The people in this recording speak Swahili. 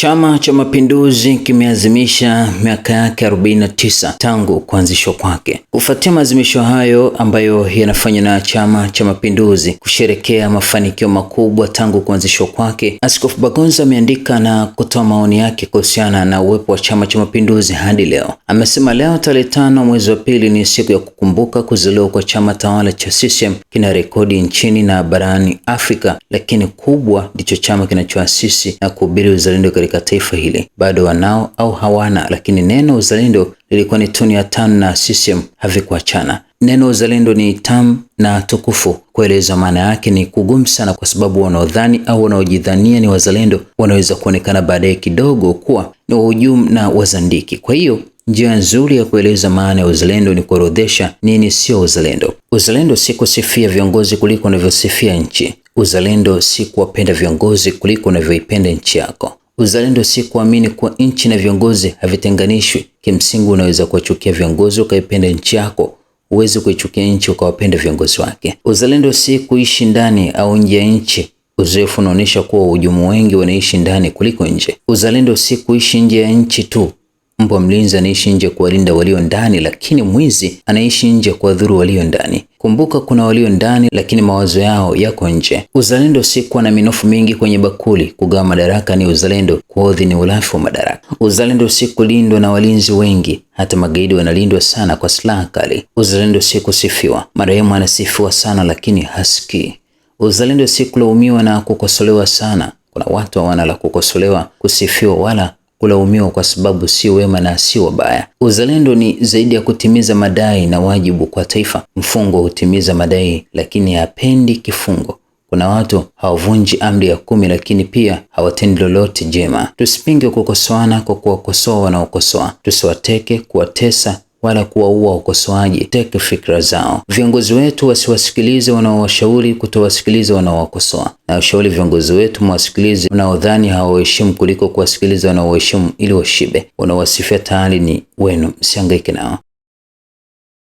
Chama cha Mapinduzi kimeazimisha miaka yake 49 tangu kuanzishwa kwake. Kufuatia maazimisho hayo ambayo yanafanywa na Chama cha Mapinduzi kusherekea mafanikio makubwa tangu kuanzishwa kwake, Askofu Bagonza ameandika na kutoa maoni yake kuhusiana na uwepo wa Chama cha Mapinduzi hadi leo. Amesema leo tarehe tano mwezi wa pili ni siku ya kukumbuka kuzaliwa kwa chama tawala cha CCM, kina rekodi nchini na barani Afrika, lakini kubwa ndicho chama kinachoasisi na kuhubiri uzalendo katika katika taifa hili, bado wanao au hawana, lakini neno uzalendo lilikuwa ni tunu ya TANU na CCM havikuachana. Neno uzalendo ni tam na tukufu. Kueleza maana yake ni kugumu sana, kwa sababu wanaodhani au wanaojidhania ni wazalendo wanaweza kuonekana baadaye kidogo kuwa ni wahujumu na wazandiki. Kwa hiyo njia nzuri ya kueleza maana ya uzalendo ni kuorodhesha nini sio uzalendo. Uzalendo si kusifia viongozi kuliko unavyosifia nchi. Uzalendo si kuwapenda viongozi kuliko unavyoipenda nchi yako. Uzalendo si kuamini kuwa nchi na viongozi havitenganishwi. Kimsingi, unaweza kuwachukia viongozi ukaipenda nchi yako, huwezi kuichukia nchi ukawapenda viongozi wake. Uzalendo si kuishi ndani au nje ya nchi. Uzoefu unaonyesha kuwa wahujumu wengi wanaishi ndani kuliko nje. Uzalendo si kuishi nje ya nchi tu. Mbwa mlinzi anaishi nje kuwalinda walio ndani, lakini mwizi anaishi nje kuwadhuru walio ndani. Kumbuka kuna walio ndani lakini mawazo yao yako nje. Uzalendo si kuwa na minofu mingi kwenye bakuli. Kugawa madaraka ni uzalendo, kuodhi ni ulafi wa madaraka. Uzalendo si kulindwa na walinzi wengi, hata magaidi wanalindwa sana kwa silaha kali. Uzalendo si kusifiwa. Marehemu anasifiwa sana lakini hasikii. Uzalendo si kulaumiwa na kukosolewa sana. Kuna watu hawana la kukosolewa, kusifiwa wala kulaumiwa kwa sababu sio wema na sio wabaya. Uzalendo ni zaidi ya kutimiza madai na wajibu kwa taifa. Mfungo hutimiza madai lakini hapendi kifungo. Kuna watu hawavunji amri ya kumi lakini pia hawatendi lolote jema. Tusipinge kukosoana kwa kuwakosoa wanaokosoa, tusiwateke kuwatesa wala kuwaua wakosoaji. Teke fikra zao. Viongozi wetu wasiwasikilize wanaowashauri, kutowasikiliza wanaowakosoa. Na washauri viongozi wetu, mwasikilize unaodhani hawaheshimu kuliko kuwasikiliza wanaoheshimu ili washibe. Unawasifia tayari ni wenu, msihangaike nao.